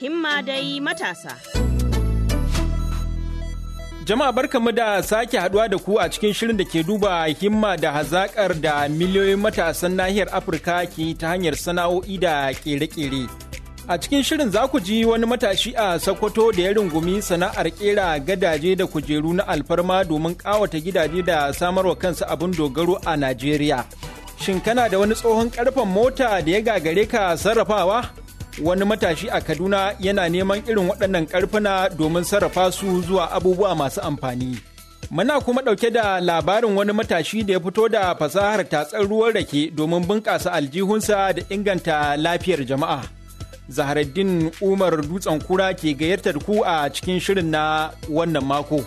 himma dai matasa. Jama'a barkamu da sake haduwa da ku a cikin shirin da ke duba himma da hazakar da miliyoyin matasan nahiyar Afirka ke ta hanyar sana'o'i da kere-kere. A cikin shirin za ku ji wani matashi a Sokoto da ya rungumi sana'ar kera gadaje da kujeru na alfarma domin ƙawata gidaje da samarwa kansa abin dogaro a Najeriya. Shin kana da wani tsohon ƙarfen mota da ya gagare ka sarrafawa? wani matashi a Kaduna yana neman irin waɗannan ƙarfuna domin sarrafa su zuwa abubuwa masu amfani. Muna kuma ɗauke da labarin wani matashi da ya fito da fasahar tatsar ruwan rake domin bunƙasa aljihunsa da inganta lafiyar jama'a. Zaharaddin Umar Dutsen Kura ke gayyatar ku a cikin shirin na wannan mako.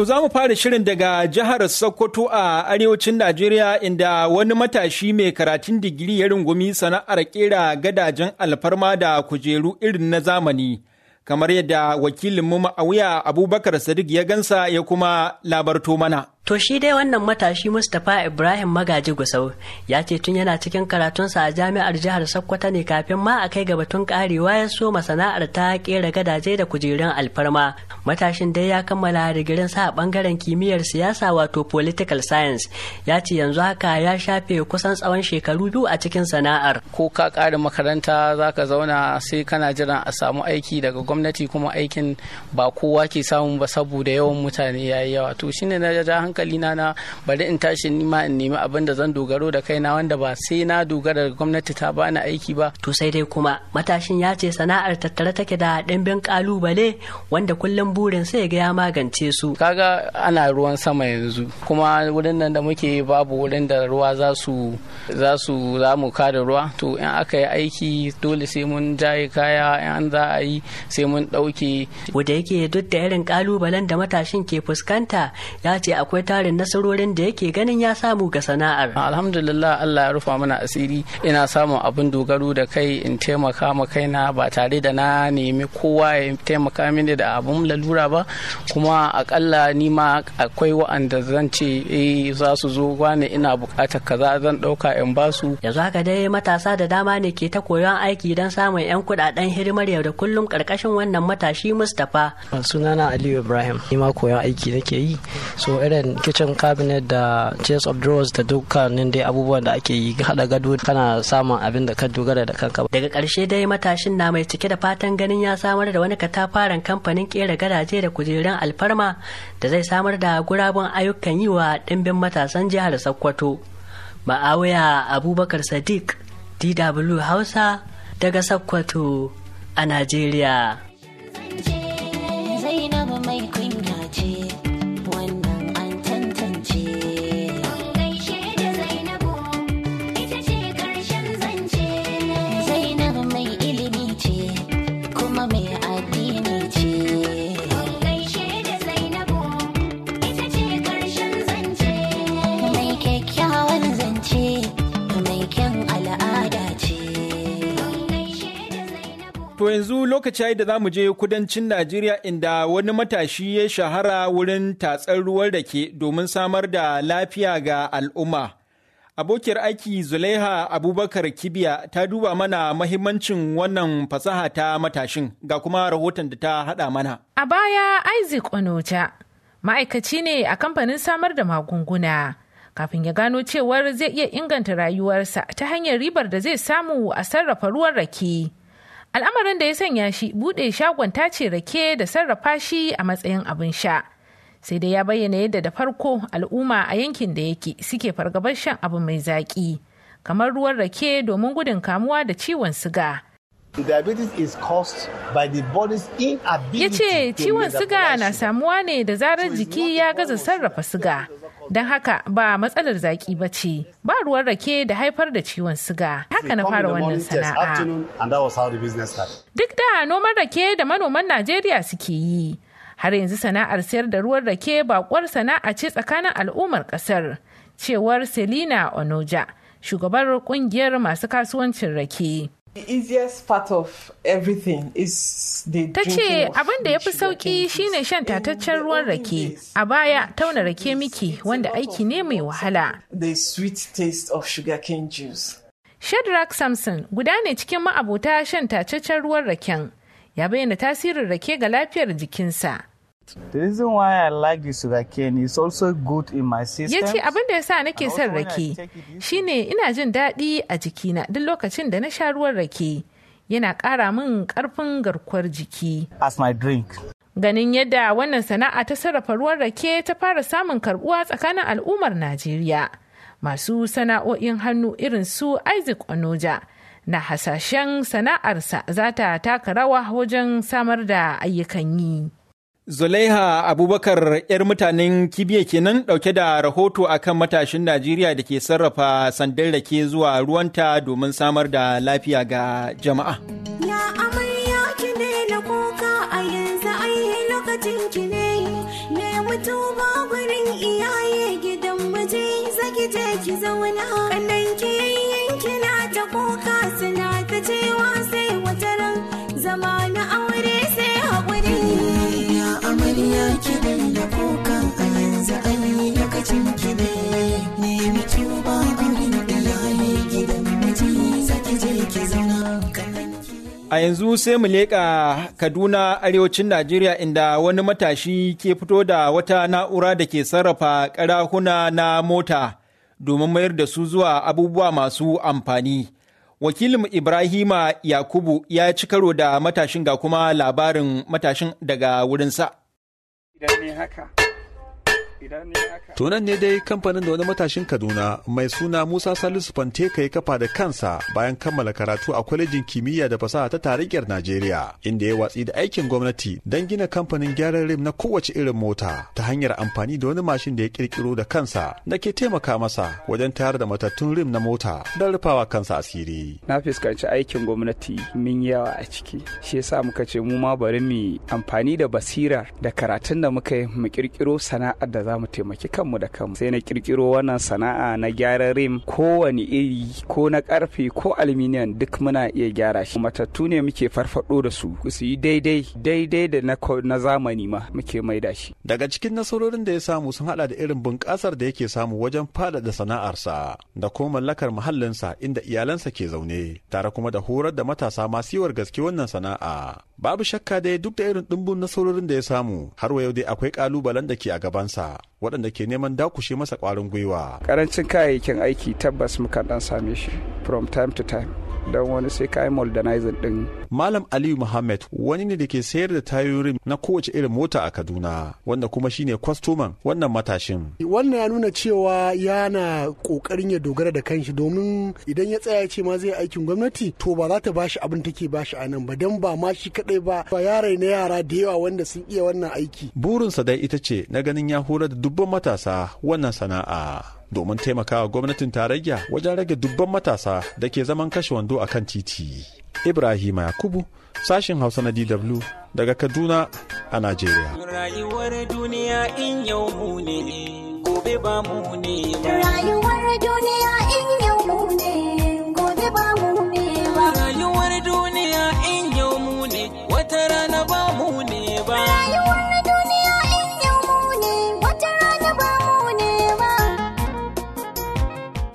To za mu fara shirin daga jihar Sokoto a arewacin Najeriya inda wani matashi mai karatun digiri ya rungumi sana'ar kera gadajen alfarma da kujeru irin na zamani. Kamar yadda wakilin wakilinmu ma'auya Abubakar Sadiq ya gansa ya kuma labarto mana. To shi dai wannan matashi Mustapha Ibrahim Magaji Gusau ya ce tun yana cikin karatunsa a jami'ar jihar Sokoto ne kafin ma a kai ga batun karewa ya so masana'ar ta kera gadaje da kujerun alfarma. Matashin dai ya kammala digirin sa a bangaren kimiyyar siyasa wato political science ya ce yanzu haka ya shafe kusan tsawon shekaru biyu a cikin sana'ar. Ko ka kare makaranta zaka zauna sai kana jiran a samu aiki daga gwamnati kuma aikin ba kowa ke samun ba saboda yawan mutane yayi yawa to shine na hankali na na bari in tashi nima in nemi abin da zan dogaro da kaina wanda ba sai na dogara da gwamnati ta bani aiki ba to sai dai kuma matashin ya ce sana'ar tattare take da ɗimbin kalubale wanda kullum burin sai ga ya magance su kaga ana ruwan sama yanzu kuma wurin nan da muke babu wurin da ruwa za su za su za mu kada ruwa to in aka yi aiki dole sai mun jaye kaya in za a yi sai mun ɗauke. Wanda yake duk da irin kalubalen da matashin ke fuskanta ya ce akwai akwai tarin nasarorin da yake ganin ya samu ga sana'ar alhamdulillah Allah ya rufa mana asiri ina samun abin dogaro da kai in taimaka ma kaina ba tare da na nemi kowa ya taimaka mini da abun lalura ba kuma akalla ni ma akwai wa'anda zan ce eh za su zo wane ina bukatar kaza zan dauka in ba su yanzu haka dai matasa da dama ne ke ta koyon aiki don samun yan kuɗaɗen hirmar yau da kullum karkashin wannan matashi Mustapha sunana Aliyu Ibrahim ni ma koyon aiki nake yi so irin kitchen cabinet da chest of drawers da dukkanin dai abubuwan da ake yi hada gado kana samun abin da ka dogara da kanka daga karshe dai matashin na mai cike da fatan ganin ya samar da wani katafaren kamfanin kera garaje da kujerun alfarma da zai samar da gurabun ayyukan yi wa dimbin matasan jihar sokoto ma'awuya abubakar sadiq dw hausa daga sokoto a najeriya lokaci yayi da za mu je kudancin Najeriya inda wani matashi ya shahara wurin tatsar ruwan rake domin samar da lafiya ga al'umma. Abokiyar aiki Zulaiha Abubakar Kibiya ta duba mana mahimmancin wannan fasaha ta matashin ga kuma rahoton da ta haɗa mana. A baya Isaac Onoja ma'aikaci ne a kamfanin samar da magunguna. kafin ya gano cewar zai iya inganta rayuwarsa ta hanyar ribar da zai samu a sarrafa ruwan rake. al'amarin da ya sanya shi bude shagon tace rake da sarrafa shi a matsayin abin sha sai dai ya bayyana yadda da farko al'umma a yankin da yake suke fargabar shan abu mai zaƙi kamar ruwan rake domin gudun kamuwa da ciwon siga Ya ce ciwon suga na samuwa ne da zarar jiki ya gaza sarrafa suga, Don haka ba matsalar zaki ba ce, ba ruwan rake da haifar da ciwon suga. Haka na fara wannan sana'a. Duk da noman rake da manoman Najeriya suke yi. Har yanzu sana'ar sayar da ruwan rake bakwar sana'a ce tsakanin al'ummar kasar. Cewar Selina Onoja, shugabar kungiyar masu kasuwancin rake. Ta ce abin da ya fi sauƙi shine shan tataccen ruwan rake, a baya tauna rake miki wanda aiki ne mai wahala. Shadrack Samson guda ne cikin ma'abota shan tataccen ruwan raken, ya bayyana tasirin rake ga lafiyar jikinsa. The reason why I Yace abin da ya sa nake son rake shine ina jin daɗi a jikina duk lokacin da na sha ruwan rake. Yana ƙara min ƙarfin garkuwar jiki. As my drink. Ganin yadda wannan sana'a ta sarrafa ruwan rake ta fara samun karɓuwa tsakanin al'ummar Najeriya. Masu sana'o'in hannu irin su Isaac Onoja. na hasashen sana'arsa za ta taka rawa wajen samar da ayyukan yi. Zulaiha Abubakar 'yar mutanen Kibiya kenan ɗauke da rahoto a kan matashin Najeriya da ke sarrafa sandar rake zuwa ruwanta domin samar da lafiya ga jama'a. Ya amarya ki ne na kuka a yanzu ai lokacin ki ne, ne mutu babarin iyaye gidan miji zaki je ki zauna. Kanan ki yanki na ta kuka suna ta cewa sai wataran zama yanzu sai mu leƙa Kaduna arewacin Najeriya inda wani matashi ke fito da wata na'ura da ke sarrafa karahuna na mota domin mayar da su zuwa abubuwa masu amfani. Wakilin Ibrahima Yakubu ya ci karo da matashin ga kuma labarin matashin daga wurinsa. sa tunan ne dai kamfanin da wani matashin kaduna mai suna musa salisu fante ka yi kafa da kansa bayan kammala karatu a kwalejin kimiyya da fasaha ta tarayyar najeriya inda ya watsi da aikin gwamnati don gina kamfanin gyaran rim na kowace irin mota ta hanyar amfani da wani mashin da ya kirkiro da kansa na ke taimaka masa wajen tayar da matattun rim na mota don rufawa kansa asiri na fuskanci aikin gwamnati min yawa a ciki shi yasa muka ce mu ma bari mu amfani da basirar da karatun da muka yi mu kirkiro sana'ar da za mu taimaki kanmu da kanmu sai na kirkiro wannan sana'a na gyaran rim kowane iri ko na karfe ko aluminium duk muna iya gyara shi matattu ne muke farfado da su su yi daidai daidai da na zamani ma muke da shi daga cikin nasarorin da ya samu sun hada da irin bunƙasar da yake samu wajen faɗaɗa sana'arsa da kuma mallakar muhallinsa inda iyalansa ke zaune tare kuma da horar da matasa masu yiwar gaske wannan sana'a babu shakka dai duk da irin ɗumbin nasarorin da ya samu har wa yau dai akwai ƙalubalen da ke a gabansa waɗanda ke neman dakushe masa ƙwarin gwiwa. ƙarancin kayayyakin aiki tabbas mukan ɗan same shi from time to time. don wani sai ka yi moldanizing din. Malam Aliyu Muhammad wani ne da ke sayar da tayoyin na kowace irin mota a Kaduna wanda kuma shi ne kwastoman wannan matashin. Wannan ya nuna cewa yana kokarin ya dogara da kanshi domin idan ya tsaya ce ma zai aikin gwamnati to ba za ta bashi abin take bashi a nan ba dan ba ma shi kadai ba ba yare na yara da yawa wanda sun iya wannan aiki. Burinsa dai ita ce na ganin ya horar da dubban matasa wannan sana'a. domin taimakawa gwamnatin tarayya wajen rage dubban matasa da ke zaman kashe wando a kan titi. Ibrahim Yakubu, sashin Hausa na DW daga Kaduna a Najeriya. Rayuwar duniya in yau mu ne, gobe ba mu ne. duniya in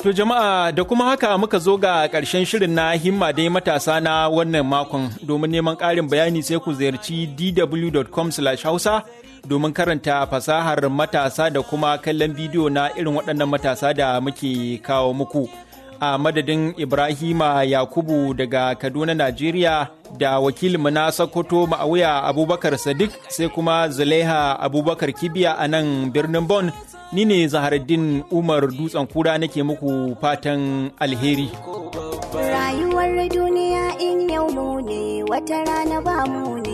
To jama'a da kuma haka muka zo ga ƙarshen shirin na himma dai matasa na wannan makon domin neman ƙarin bayani sai ku ziyarci dw.com hausa domin karanta fasahar matasa da kuma kallon bidiyo na irin waɗannan matasa da muke kawo muku. A madadin Ibrahima Yakubu daga Kaduna, Najeriya. da wakilinmu na Sokoto Ma'auya Abubakar Sadiq sai kuma Zulaiha Abubakar Kibiya a nan birnin Bon. Ni ne Zaharaddin Umar Dutsen Kura nake muku fatan alheri. Rayuwar duniya in yau ne wata rana ba mu ne.